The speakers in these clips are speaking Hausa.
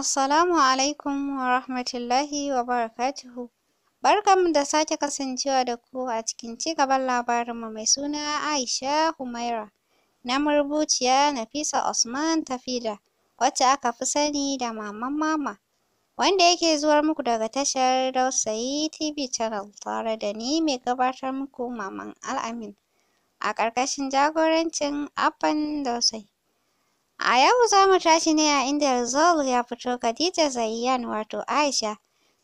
Assalamu alaikum wa rahmatullahi wa barakatuhu. Barkanmu da sake kasancewa da ku a cikin ci cigaban labarinmu mai suna Aisha Humaira na marubuciya Nafisa Usman Tafida wacce aka fi sani da Maman Mama wanda yake zuwar muku daga tashar Dausayi TV Channel tare da ni mai gabatar muku Maman Al'amin a ƙarƙashin jagorancin Abban Dausayi. A yau za mu tashi ne a inda Rizal ya fito Khadija Zayyan wato Aisha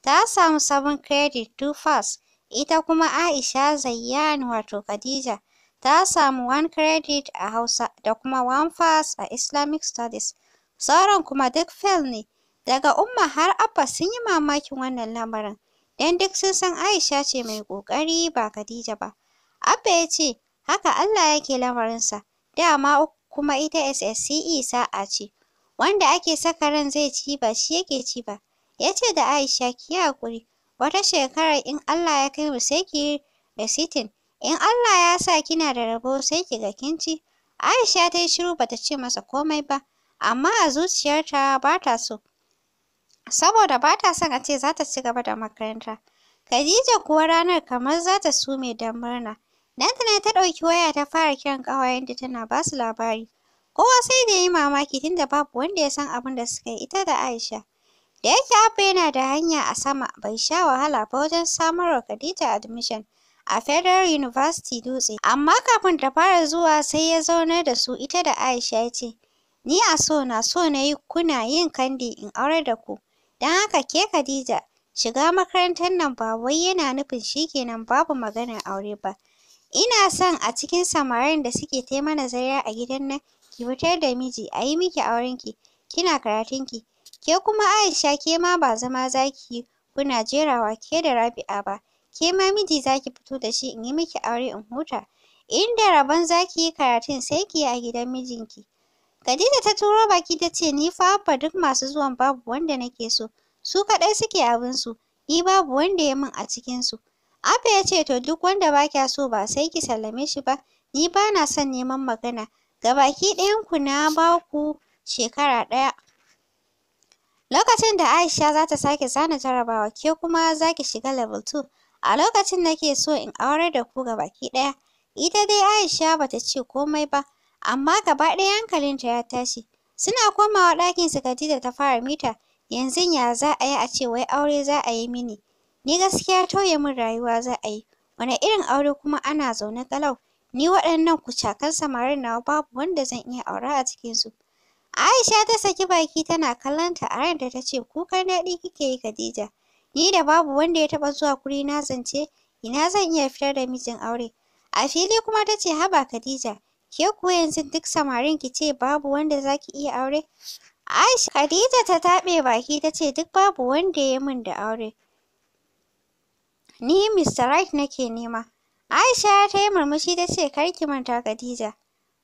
ta samu sabon credit two first, ita kuma Aisha Zayyan wato Khadija ta samu one credit a Hausa da kuma one first a Islamic studies, sauran kuma duk fail ne. Daga Umma har Abba sun yi mamakin wannan lamarin, don duk sun san Aisha ce mai ƙoƙari ba Khadija ba. Abba ya ce, haka Allah yake lamarinsa, dama kuma ita SSCE sa'a ce. Wanda ake saka ran zai ci ba shi yake ci ba. Ya ce da Aisha ki yi hakuri. wata shekarar in Allah ya kai mu sai ki yi resitin. In Allah ya sa kina da rabo sai ki ga kin ci. Aisha ta yi shiru bata ce masa komai ba, amma a zuciyarta ba ta so. Saboda ba ta son a ce za ta ci gaba da makaranta. Khadija kuwa ranar kamar za ta sume da murna. Lantana ta ɗauki waya ta fara kiran da tana ba su labari. Kowa sai da ya yi mamaki tunda babu wanda ya san abin da suka yi ita da Aisha. Da yake Abba yana da hanya a sama bai sha wahala ba wajen samar wa Khadija admission a Federal University Dutse. Amma kafin ta fara zuwa sai ya zaunar da su ita da Aisha ya ce, Ni a so na so na yi kuna yin kandi in aurar da ku. Don haka ke Khadija, shiga makarantar nan ba wai yana nufin shi kenan babu maganar aure ba. Ina son a cikin samarin da suke tai mana zarra a gidan nan, ki fitar da miji, a yi miki aurenki, kina karatunki. Ke kuma Aisha ke ma ba zama za yi kuna jerawa ke da Rabi'a ba, ke ma miji zaki fito da shi in yi miki aure in huta. Inda rabon za yi karatun sai ki yi a gidan mijinki. Khadija ta turo baki ta ce ni fa Abba duk masu zuwan babu wanda nake so, su kaɗai suke su ni babu wanda ya min a cikin su Abba ya ce to duk wanda ba kya so ba sai ki sallame shi ba, ni ba na son neman magana, gabaki ɗayanku na ba ku shekara ɗaya. Lokacin da Aisha za ta sake zana jarabawa ke kuma za ki shiga level 2, a lokacin nake so in aurar da ku ga baki ɗaya. Ita dai Aisha ba ta ce komai ba, amma gaba ɗaya hankalinta ya tashi. Suna komawa ɗakin su Khadija ta fara mita, yanzu ya za a yi a ce wai aure za a yi mini. Ni gaskiya tauye min rayuwa za a yi. Wane irin aure kuma ana zaune ƙalau. Ni waɗannan kucakan samarin nawa babu wanda zan iya aure a cikinsu. Aisha ta saki baki tana kallonta a ranta ta ce kukan daɗi kike yi Khadija. Ni da babu wanda ya taɓa zuwa na zance ina zan iya fitar da mijin aure. A fili kuma ta ce haba Khadija ke kuwa yanzu duk samarin ki ce babu wanda za iya aure. Aisha Khadija ta taɓe baki ta ce duk babu wanda ya yi min da aure. Ni Mr. Right nake nema. Aisha ta yi murmushi ta ce kar ki manta Khadija.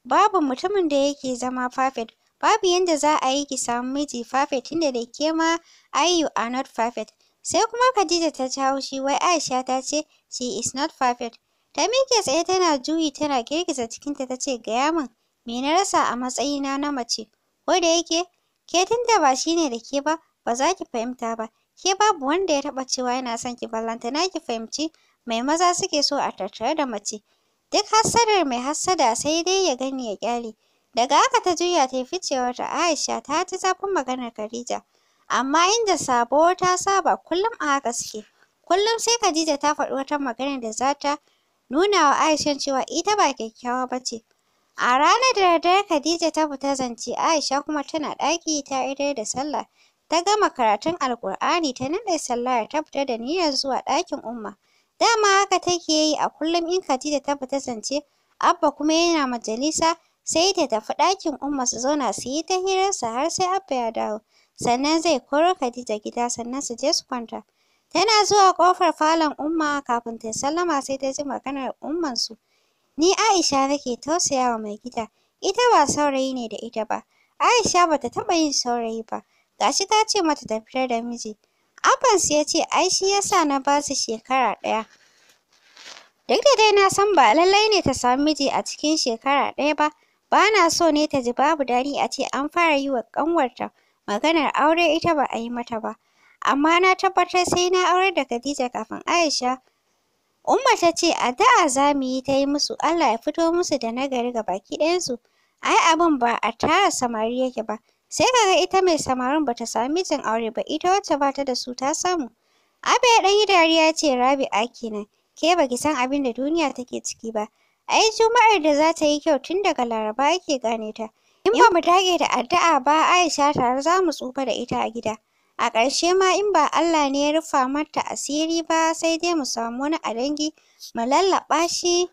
Babu mutumin da yake zama perfect. Babu yanda za a yi ki samu miji perfect tunda da ke ma ai you are not perfect. Sai kuma Khadija ta ci haushi wai Aisha ta ce she is not perfect. Ta miƙe tsaye tana juyi tana girgiza cikinta ta ce gaya min me na rasa a matsayina na mace. Ko da yake ke tunda ba shi ne da ke ba ba za ki fahimta ba. Ke babu wanda ya taɓa cewa yana son ki na ki fahimci mai maza suke so a tattare da mace. Duk hassadar mai hassada sai dai ya gani ya ƙyale. Daga haka ta juya ta yi ta. Aisha ta ji zafin maganar Khadija. Amma inda sabo ta saba kullum a haka suke. Kullum sai Khadija ta faɗi wata magana da za ta nuna wa Aishan cewa ita ba kyakkyawa ba ce. A ranar da Khadija ta fita zance Aisha kuma tana ɗaki ta idar da sallah. Ta gama karatun Alƙur'ani ta naɗe sallah ta fita da niyyar zuwa ɗakin Umma. Dama haka take yi a kullum in Khadija ta fita zance, Abba kuma yana majalisa, sai ta tafi ɗakin Umma su zauna su yi ta hirarsa har sai Abba ya dawo. Sannan zai koro Khadija gida sannan su je su kwanta. Tana zuwa ƙofar falon Umma kafin ta sallama sai ta ji maganar su. Ni Aisha nake tausayawa mai gida, ita ba saurayi ne da ita ba. Aisha bata taɓa yin saurayi ba, gashi ta ce mata ta fitar da miji abbansu ya ce ai shi yasa na basu shekara ɗaya duk da dai na san ba lallai ne ta samu miji a cikin shekara ɗaya ba ba na so ne ta ji babu daɗi a ce an fara yi wa ƙanwarta maganar aure ita ba a yi mata ba amma na tabbatar sai na aurar da Khadija kafin Aisha Umma ta ce da'a za mu yi ta yi musu Allah ya fito musu da nagari ga baki ɗayan su. ai abin ba a tara samari yake ba sai kaga ita mai samarin bata sami mijin aure ba ita wacce bata da su ta samu abe ya ɗan yi dariya ce Rabi'a kenan ke baki san abin da duniya take ciki ba ai juma'ar da za ta yi kyau tun daga laraba ake gane ta in ba mu dage da addu'a ba Aisha tare za mu tsufa da ita a gida a ƙarshe ma in ba Allah ne ya rufa mata asiri ba sai dai mu samu wani a dangi mu lallaɓa shi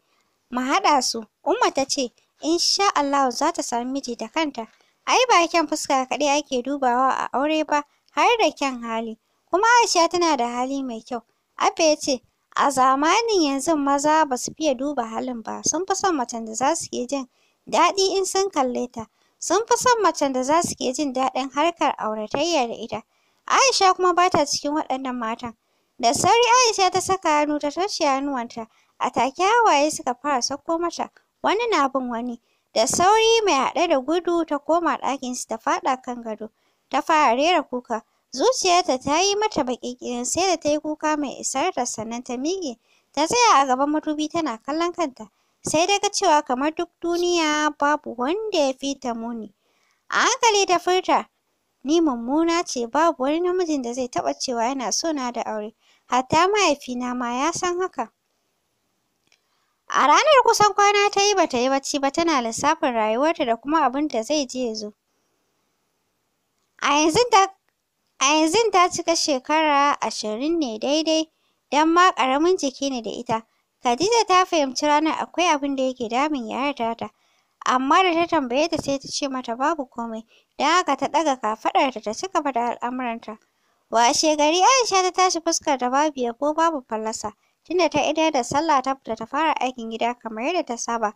mu haɗa su Umma ta ce insha Allahu za ta sami miji da kanta Ai ba kyan fuska kaɗai ake dubawa a aure ba, har da kyan hali. Kuma Aisha tana da hali mai kyau. Abba ya ce, a zamanin yanzu maza ba su fiye duba halin ba, sun fi son macen da za su ke jin daɗi in sun kalle ta. Sun fi son macen da za su ke jin daɗin harkar auratayya da ita. Aisha kuma ba ta cikin waɗannan matan. Da sauri Aisha ta saka hannu ta toshe hannuwanta, a take hawaye suka fara sauko mata, wani na bin wani. Da sauri mai haɗe da gudu ta koma su ta faɗa kan gado ta fara rera kuka. Zuciyarta ta yi mata baƙin ƙirin sai da ta yi kuka mai isar da sannan ta miƙe ta tsaya a gaban madubi tana kallon kanta. Sai daga cewa kamar duk duniya babu wanda ya fi muni. A hankali ta furta ni mummuna ce babu wani namijin da zai taɓa cewa yana sona da aure hatta mahaifina ma ya san haka. A ranar kusan kwana ta yi ba ta yi bacci ba tana lissafin rayuwarta da kuma abin da zai je ya zo. A yanzu ta cika shekara ashirin ne daidai don ma ƙaramin jiki ne da ita. Khadija ta fahimci ranar akwai abin da yake damun yayarta ta. Amma da ta tambaye ta sai ta ce mata babu komai, don haka ta ɗaga kafaɗarta ta ci gaba da al'amuranta. Washe gari Aisha ta tashi fuskar da babu yabo babu fallasa. tunda ta idar da sallah ta fita ta fara aikin gida kamar yadda ta saba.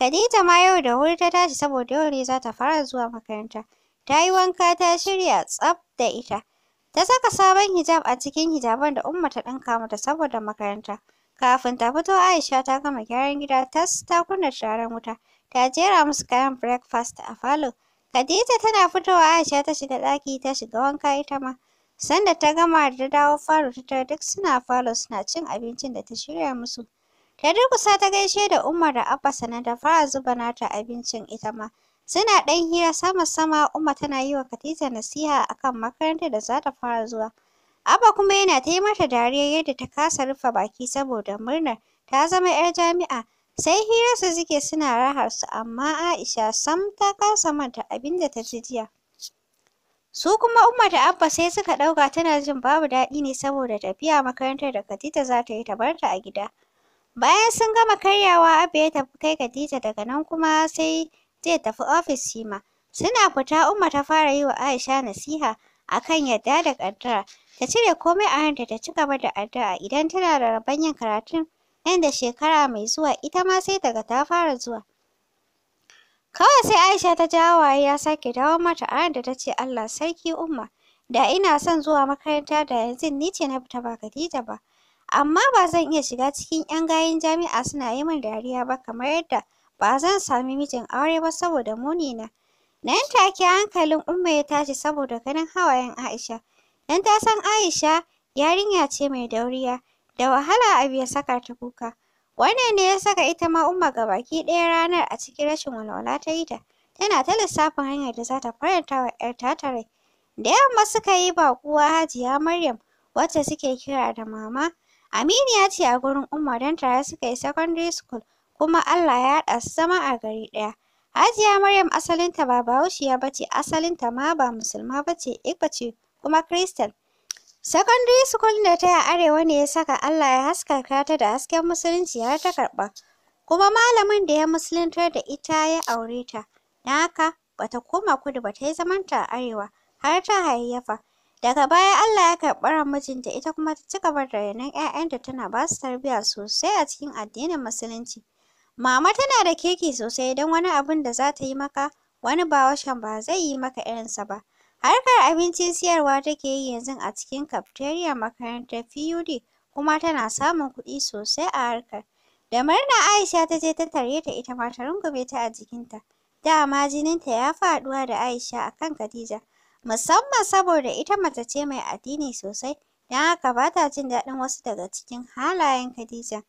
Khadija ma yau da wuri ta tashi saboda yau ne za ta fara zuwa makaranta. Ta yi wanka ta shirya tsaf da ita. Ta saka sabon hijab a cikin hijaban da Umma ta ɗinka mata saboda makaranta. Kafin ta fito Aisha ta gama gyaran gida tas ta kunna turaren wuta. Ta jera musu kayan breakfast a falo. Khadija tana fitowa Aisha ta shiga ɗaki ta shiga wanka ita ma. Sanda ta gama da ta dawo falo ta tarar duk suna falo suna cin abincin da ta shirya musu. Ta durƙusa ta gaishe da Umar da Abba sannan ta fara zuba nata abincin ita ma. Suna ɗan hira sama-sama Umar tana yi wa Khadija nasiha kan makarantar da za ta fara zuwa. Abba kuma yana ta yi mata dariya yadda ta kasa rufe baki saboda murnar ta zama 'yar jami'a. Sai hirarsu suke suna raharsu amma Aisha sam ta kasa manta abinda ta ji jiya. Su kuma Umma da Abba sai suka ɗauka tana jin babu daɗi ne saboda tafiya makarantar da Khadija za ta yi ta bar ta a gida. Bayan sun gama karyawa Abba ya tafi kai Khadija daga nan kuma sai zai tafi ofis shi ma. Suna fita Umma ta fara yi wa Aisha nasiha a kan yadda da ƙaddara. Ta cire komai a ranta ta ci gaba da addu'a idan tana da rabon yin karatun nan da shekara mai zuwa ita ma sai daga ta fara zuwa. Kawai sai Aisha ta ji hawaye ya sake dawo mata a da ta ce Allah sarki Umma, da ina son zuwa makaranta da yanzu ni ce na fita ba Khadija ba. Amma ba zan iya shiga cikin 'yan gayen jami'a suna yi min dariya ba kamar yadda ba zan sami mijin aure ba saboda muni na Nan take hankalin Umma ya tashi saboda ganin hawayen Aisha. dan ta san Aisha yarinya ce mai dauriya, da wahala a ya saka ta kuka. Wannan ne ya saka ita ma Umma baki ɗaya ranar a cikin rashin walwala ta yi ta. Tana ta lissafin hanyar da za ta faranta wa ‘yarta ta rai. Da yamma suka yi ba kuwa Hajiya Maryam wacce suke kira da Mama. Aminiya ce a gurin Umma don tare suka yi secondary school kuma Allah ya haɗa su zama a gari ɗaya. Hajiya Maryam asalinta ba Bahaushiya ba ce, asalinta ma ba Musulma ba ce, ce kuma Christian. Secondary school da ta Arewa ne ya saka Allah ya haskaka ta da hasken musulunci har ta karɓa. Kuma malamin da ya musuluntar da ita ya aure ta. Don haka ba ta koma kudu ba ta yi zamanta a Arewa har ta hayyafa. Daga baya Allah ya karɓi ran mijinta ita kuma ta ci gaba da rainon 'ya'yanta tana ba su tarbiyya sosai a cikin addinin musulunci. Mama tana da kirki sosai don wani abin da za ta yi maka wani bawashin ba zai yi maka irinsa ba. Harkar abincin siyarwa take yi yanzu a cikin kafteriya makarantar PUD kuma tana samun kuɗi sosai a harkar. Da murna Aisha ta je ta tare ta ita ma ta rungume ta a jikinta. Dama jininta ya faɗuwa da Aisha a kan Khadija, musamman saboda ita mace ce mai addini sosai, don haka ba ta jin daɗin wasu daga cikin halayen Khadija.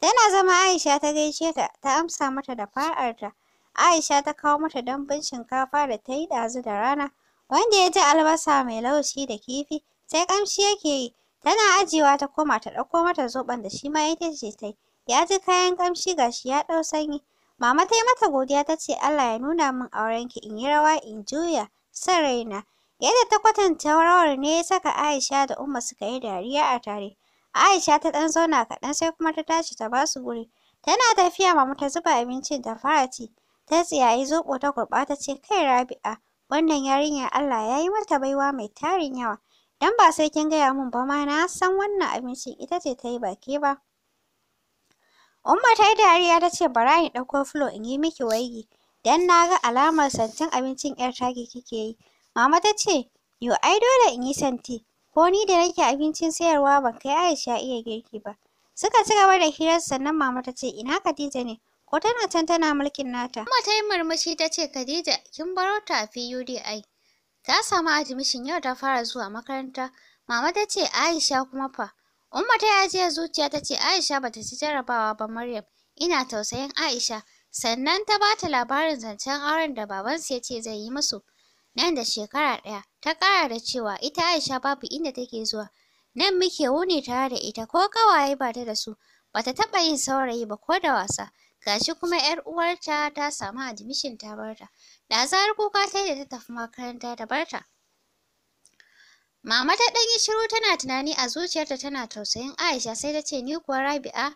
Tana zama Aisha ta gaishe ta, ta amsa mata da fa'arta Aisha ta kawo mata dambun shinkafa da ta yi ɗazu da rana. wanda ya ji albasa mai laushi da kifi sai kamshi yake yi tana ajiyewa ta koma ta ɗauko mata zoben da shi ma ya ce ta ya ji kayan kamshi gashi ya dau sanyi mama ta yi mata godiya ta ce Allah ya nuna min aurenki in yi rawa in juya son raina yadda ta kwatanta rawar ne ya saka Aisha da Umma suka yi dariya a tare Aisha ta ɗan zauna kaɗan sai kuma ta tashi ta ba su guri tana tafiya mama ta zuba abincin da fara ci ta tsiyayi zobo ta kurɓa ta ce kai Rabi'a Wannan yarinyar Allah ya yi mata baiwa mai tarin yawa. don ba sai kin gaya min ba ma na san wannan abincin ita ce ta yi baki ba. Umma ta yi dariya ta ce bari in ɗauko fulo in yi miki waigi. Dan na ga alamar santin abincin 'yar tagi kike yi. Mama ta ce yo ai dole in yi santi. Ko ni da nake abincin sayarwa ban kai Aisha iya girki ba. Suka ci gaba da hirar sannan mama ta ce ina Khadija ne? ko tana can tana mulkin nata. kuma ta yi murmushi ta ce Khadija kin baro ta a PUDI. Ta samu admission yau ta fara zuwa makaranta. Mama ta ce Aisha kuma fa. Umma ta yaje zuciya ta ce Aisha bata ci jarabawa ba Maryam. Ina tausayin Aisha. Sannan ta ba ta labarin zancen auren da babansu ya ce zai yi musu. Nan da shekara ɗaya ta ƙara da cewa ita Aisha babu inda take zuwa. Nan muke wuni tare da ita ko kawaye bata da su. Ba ta taɓa yin saurayi ba ko da wasa. gashi kuma ‘yar uwarta ta samu admission ta barta. Da zarar kuka sai da ta tafi makaranta ta barta. Mama ta ɗan yi shiru tana tunani a zuciyarta tana tausayin Aisha sai ta ce ni kuwa Rabi'a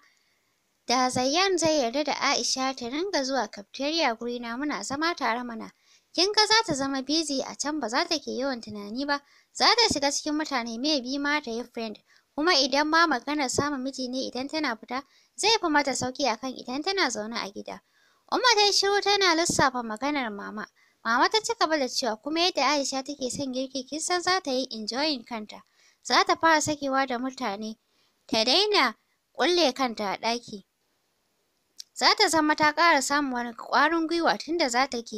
da Zayyan zai yarda da Aisha ta ringa zuwa cafeteria gurina muna zama tare mana. Kin ga za ta zama busy a can ba za ta ke yawan tunani ba, za ta shiga cikin mutane mai bi ma ta yi friend. Kuma idan ma maganar samun miji ne idan tana fita, Zai fi mata sauƙi kan idan tana zaune a gida. Umma ta yi shiru tana lissafa maganar mama. Mama ta ci gaba da cewa kuma yadda Aisha take son girki kin san za ta yi enjoying kanta. Za ta fara sakewa da mutane. Ta daina ƙulle kanta a ɗaki. Za ta zama ta ƙara samun wani ƙwarin gwiwa tunda za ta ke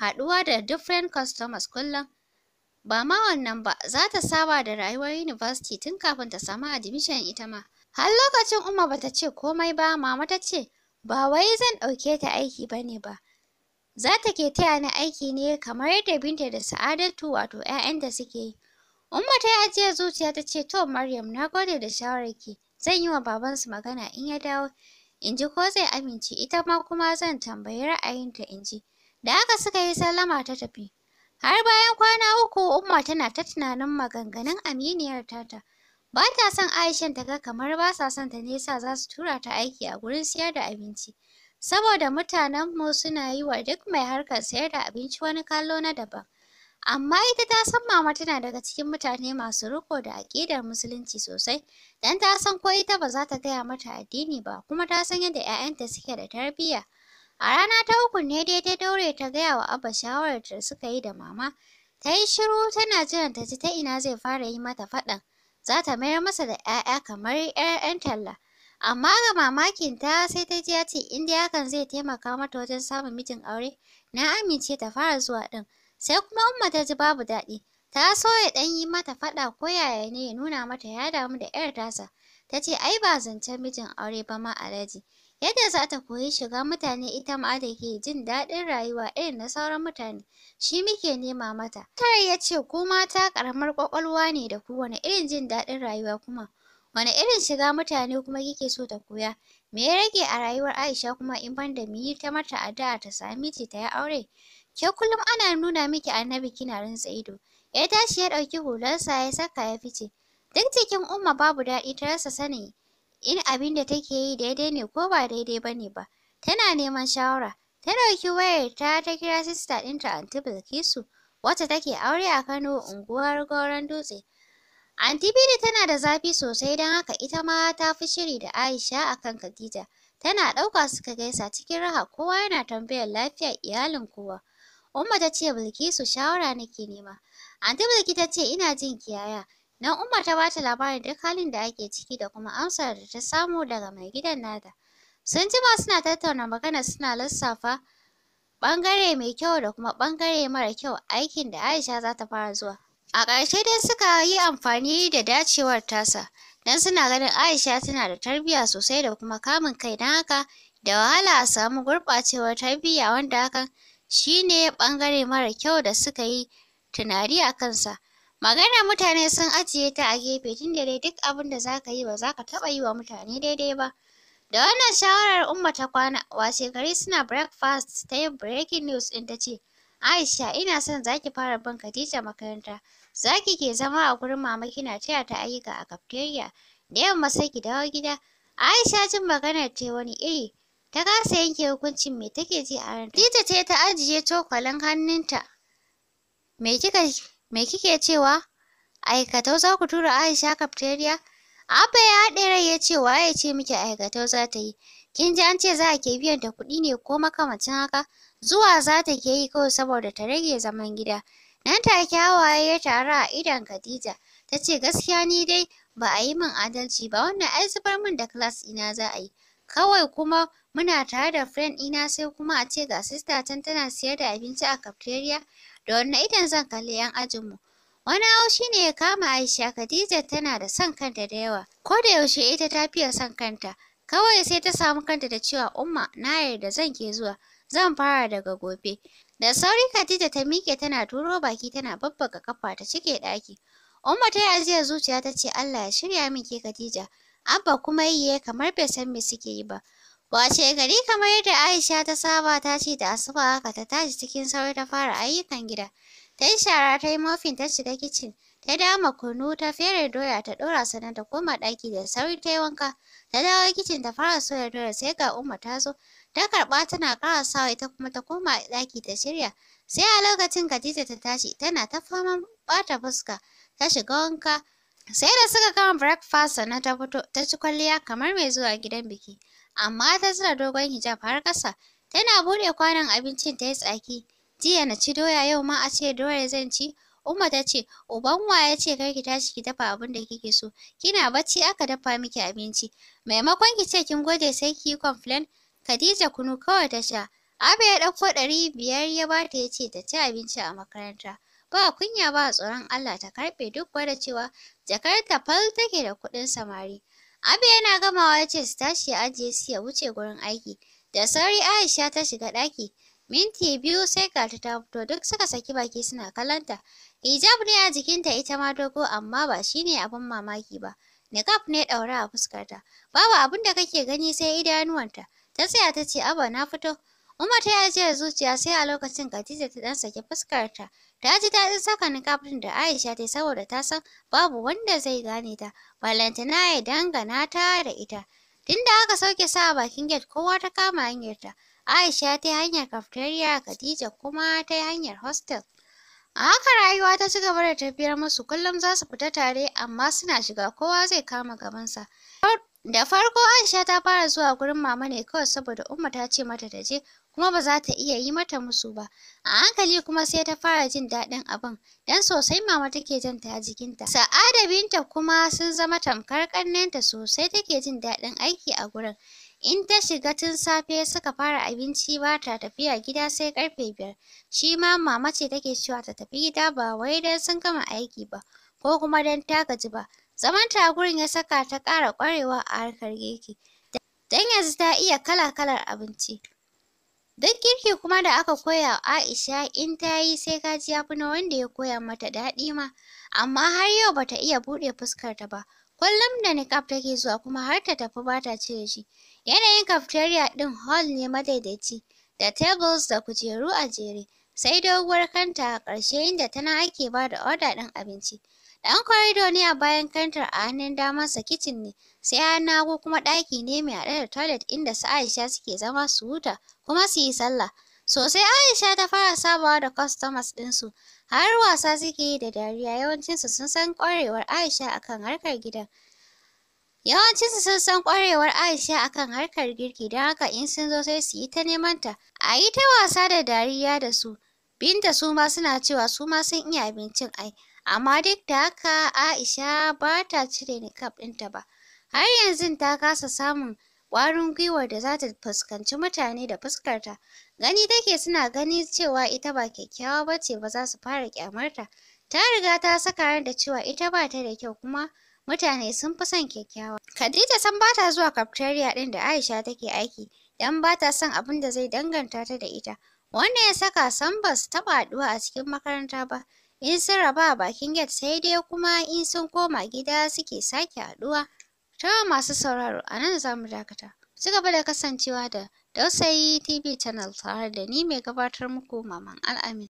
haɗuwa da different customers kullum. Ba ma wannan ba, za ta saba da rayuwar university tun kafin ta samu admission ita ma. Har lokacin Umma bata ce komai ba, Mama ta ce, ba wai zan ɗauke ta aiki ba ne ba. Za ta ke taya ni aiki ne kamar yadda Binta da Sa'adatu wato ‘ya'yanta suke yi. Umma ta yi ajiyar zuciya ta ce, to Maryam na gode da shawararki, zan yi wa babansu magana in ya dawo, in ji ko zai amince, ita ma kuma zan tambayi ra'ayinta in ji. Da haka suka yi sallama ta tafi. Har bayan kwana uku Umma tana ta tunanin maganganun aminiyar tata. Ba ta son Aisha ta ga kamar ba sa son ta nesa za su tura ta aiki a gurin siyar da abinci. Saboda mutanenmu suna yi wa duk mai harkar sayar da abinci wani kallo na daban. Amma ita ta san mama tana daga cikin mutane masu riko da aƙidar musulunci sosai, dan ta san ko ita ba za ta gaya mata addini ba, kuma ta san yadda 'ya'yanta suke da tarbiyya. A rana ta uku ne dai ta daure ta gaya wa Abba shawarar da suka yi da mama. Ta yi shiru tana jiran ta ji ta ina zai fara yi mata faɗan. za ta mayar masa da 'ya'ya kamar 'ya'yan talla. Amma ga mamakin ta sai ta ji ya ce in dai hakan zai taimaka mata wajen samun mijin aure, na amince ta fara zuwa ɗin. Sai kuma Umma ta ji babu daɗi, ta so ya ɗan yi mata faɗa ko yaya ne ya nuna mata ya damu da 'yar tasa. Ta ce ai ba zancen mijin aure ba ma alaji. yadda za ta koyi shiga mutane ita ma da ke jin daɗin rayuwa irin na sauran mutane shi muke nema mata tare ya ce ku mata ƙaramar ƙwaƙwalwa ne da ku wani irin jin daɗin rayuwa kuma wani irin shiga mutane kuma kike so ta koya me ya rage a rayuwar Aisha kuma in banda mu ta mata addu'a ta sami miji ta yi aure ke kullum ana nuna miki annabi kina rantsa ido ya tashi ya ɗauki hularsa ya saka ya fice duk jikin Umma babu daɗi ta rasa sani. in abin da take yi daidai ne ko ba daidai ba ne ba. Tana neman shawara. Ta ɗauki wayar ta ta kira sista ɗinta Aunty Bilkisu, wacce take aure a Kano unguwar Goron Dutse. Aunty Bidi tana da zafi sosai don haka ita ma ta fi shiri da Aisha a kan Khadija. Tana ɗauka suka gaisa cikin raha kowa yana tambayar lafiyar iyalin kowa. Umma ta ce Bilkisu shawara nake nema. Aunty Bilki ta ce ina jin kiyaya. Nan Umma ta bata labarin duk halin da ake ciki da kuma amsar da ta samu daga mai gidan nata. Sun jima suna tattauna magana suna lissafa ɓangare mai kyau da kuma ɓangare mara kyau aikin da Aisha za ta fara zuwa. A ƙarshe dai suka yi amfani da dacewar tasa don suna ganin Aisha tana da tarbiyya sosai da kuma kamun kai don haka da wahala a samu gurɓacewar tarbiyya wanda hakan shine ne ɓangare mara kyau da suka yi tunari a kansa. Magana mutane sun ajiye ta a gefe tun da dai duk abin da za ka yi ba za ka taɓa yi wa mutane daidai ba. Da wannan shawarar Umma ta kwana, washegari suna breakfast ta yin breaking news ɗin ta ce, Aisha ina son za ki fara bin Khadija makaranta, za ki ke zama a gurin mama kina taya ta ayyuka a cafeteria, da yamma sai ki dawo gida. Aisha jin maganar ta wani iri, ta kasa yanke hukuncin me take ji a ranta. Khadija ce ta ajiye cokalin hannunta. Me kika Me kike cewa? Aikatau za ku tura Aisha cafeteria? Abba ya haɗe rai ya ce waye ce miki aikatau za ta yi? Kin ji an ce za a ke biyan ta kuɗi ne ko makamacin haka? Zuwa za ta ke yi kawai saboda ta rage zaman gida. Nan ta ke hawaye ya tara a idon Khadija. Ta ce gaskiya ni dai ba a yi min adalci ba wannan ai zubar min da class ina za a yi. Kawai kuma muna tare da friend ina sai kuma a ce ga sister can tana siyar da abinci a cafeteria. da wanne idan zan kalli 'yan ajinmu. Wani haushi ne ya kama Aisha Khadija tana da son kanta da yawa. Ko da yaushe ita ta fiye son kanta. Kawai sai ta samu kanta da cewa umma na yarda zan ke zuwa. Zan fara daga gobe. Da sauri Khadija ta miƙe tana turo baki tana babbaka kafa ta cike ɗaki. Umma ta yi ajiyar zuciya ta ce Allah ya shirya min ke Khadija. Abba kuma yi kamar bai san me suke yi ba. Wace gari kamar yadda Aisha ta saba ta ce da asuba haka ta tashi cikin sauri ta fara ayyukan gida. Ta yi shara ta yi mofin ta shiga kicin. Ta dama kunu ta fere doya ta ɗora sannan ta koma ɗaki da sauri ta yi wanka. Ta dawo kicin ta fara soya doya sai ga Umma ta zo. Ta karɓa tana ƙara sawa ita kuma ta koma ɗaki ta shirya. Sai a lokacin Khadija ta tashi tana ta faman ɓata fuska. Ta shiga wanka. Sai da suka gama breakfast sannan ta fito ta ci kwalliya kamar mai zuwa gidan biki. amma ta zura dogon hijab har ƙasa. Tana buɗe kwanon abincin ta yi tsaki. Jiya na ci doya yau ma a ce doya zan ci. Umma ta ce, Uban wa ya ce kar ki tashi ki dafa abin da kike so. Kina bacci aka dafa miki abinci. Maimakon ki ce kin gode sai ki yi complain. Khadija kunu kawai ta sha. Abba ya ɗauko ɗari biyar ya ba ta ya ce ta ci abinci a makaranta. Ba kunya ba tsoron Allah ta karɓe duk gwada cewa jakarta fal take da kuɗin samari. Abi yana gamawa ya ce su tashi ya ajiye su ya wuce gurin aiki. Da sauri Aisha ta shiga ɗaki. Minti biyu sai gata ta fito duk suka saki baki suna kalanta. Hijab ne a jikinta ita ma dogo amma ba shi ne abin mamaki ba. Niqab ne ɗaura a fuskarta. Babu abin da kake gani sai idanuwanta. Ta tsaya ta ce Aba na fito. Umar ta yi zuciya sai a lokacin Khadija ta ɗan saki fuskarta. Ta ji daɗin saka niqab ɗin da Aisha ta saboda ta san babu wanda zai gane ta. Valentina ya dangana ta da ita. Tunda aka sauke sa a bakin gate kowa ta kama hanyarta. Aisha ta yi hanyar cafeteria, Khadija kuma ta yi hanyar hostel. A haka rayuwa ta ci gaba da tafiyar musu kullum za su fita tare amma suna shiga kowa zai kama gabansa. Da farko Aisha ta fara zuwa gurin mama ne kawai saboda Umma ta ce mata ta je kuma ba za ta iya yi mata musu ba. A hankali kuma sai ta fara jin daɗin abin, Dan sosai mama take jin ta jikinta. Sa'ada binta kuma sun zama tamkar ƙannenta sosai take jin daɗin aiki a gurin. In ta shiga tun safe suka fara abinci ba ta tafiya gida sai karfe biyar. Shi ma mama ce take cewa ta tafi gida ba wai don sun gama aiki ba, ko kuma don ta gaji ba. Zamanta a gurin ya saka ta ƙara ƙwarewa a harkar girki. Dan yanzu ta iya kala-kalar abinci. Duk kirki kuma da aka koya wa Aisha in ta yi sai ka ji ya fi na wanda ya koya mata daɗi ma. Amma har yau bata ta iya buɗe fuskarta ba. Kullum da niƙaf take zuwa kuma har ta tafi ba ta cire shi. Yanayin cafeteria ɗin hall ne madaidaici da tables da kujeru a jere. sai doguwar kanta a ƙarshe inda ta nan ake ba da oda ɗin abinci. Ɗan korido ne a bayan kantar a hannun damansa kicin ne, sai hannun hagu kuma ɗaki ne mai haɗe da toilet inda su Aisha suke zama su huta kuma su yi sallah. Sosai Aisha ta fara sabawa da customers ɗinsu, har wasa suke yi da dariya yawancinsu sun san ƙwarewar Aisha akan harkar gidan. Yawancinsu sun san ƙwarewar Aisha akan harkar girki don haka in sun zo sai su yi ta neman ta, a yi ta wasa da dariya da su. Binta su ma suna cewa su ma sun iya abincin ai, amma duk da haka Aisha ba ta cire niƙaf ɗinta ba. Har yanzu ta kasa samun ƙwarin gwiwar da za ta fuskanci mutane da fuskarta. Gani take suna gani cewa ita ba kyakkyawa ba ce ba za su fara ƙyamarta. Ta riga ta saka ran da cewa ita ba ta da kyau kuma mutane sun fi son kyakkyawa. Khadija san ba ta zuwa cafeteria ɗin da Aisha take aiki, don ba ta son abin da zai danganta ta da ita. wanda ya saka sam ba su taɓa haɗuwa a cikin makaranta ba in sun raba a bakin gate sai dai kuma in sun koma gida suke sake haɗuwa ta masu sauraro a nan za mu dakata ci gaba da kasancewa da Dausayi TV Channel tare da ni mai gabatar muku Maman Al'amin.